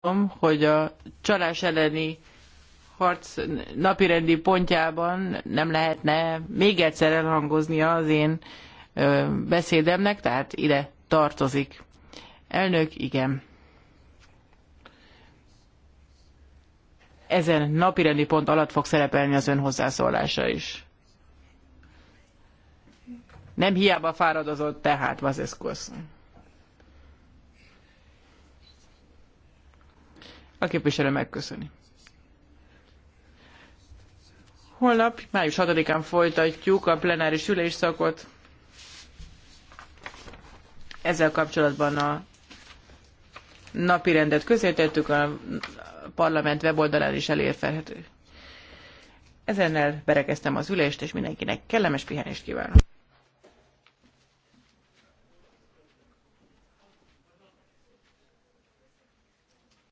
gondolom, hogy a csalás elleni harc napirendi pontjában nem lehetne még egyszer elhangoznia az én beszédemnek, tehát ide tartozik. Elnök, igen. Ezen napirendi pont alatt fog szerepelni az ön hozzászólása is. Nem hiába fáradozott tehát Vazeszkosz. A képviselő megköszöni. Holnap, május 6-án folytatjuk a plenáris ülésszakot. Ezzel kapcsolatban a napi rendet közértettük, a parlament weboldalán is elérhető. Ezennel berekeztem az ülést, és mindenkinek kellemes pihenést kívánok.